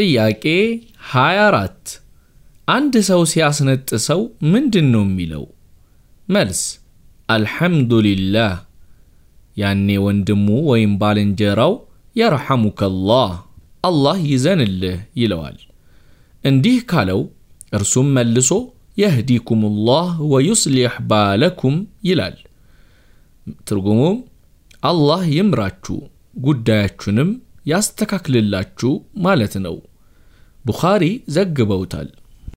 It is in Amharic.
ጥያቄ 24 አንድ ሰው ሲያስነጥሰው ምንድን ነው የሚለው? መልስ አልሐምዱሊላህ። ያኔ ወንድሙ ወይም ባልንጀራው የርሐሙከላህ አላህ ይዘንልህ ይለዋል። እንዲህ ካለው እርሱም መልሶ የህዲኩሙላህ ወዩስሊሕ ባለኩም ይላል። ትርጉሙም አላህ ይምራችሁ ጉዳያችሁንም ያስተካክልላችሁ ማለት ነው። ቡኻሪ ዘግበውታል።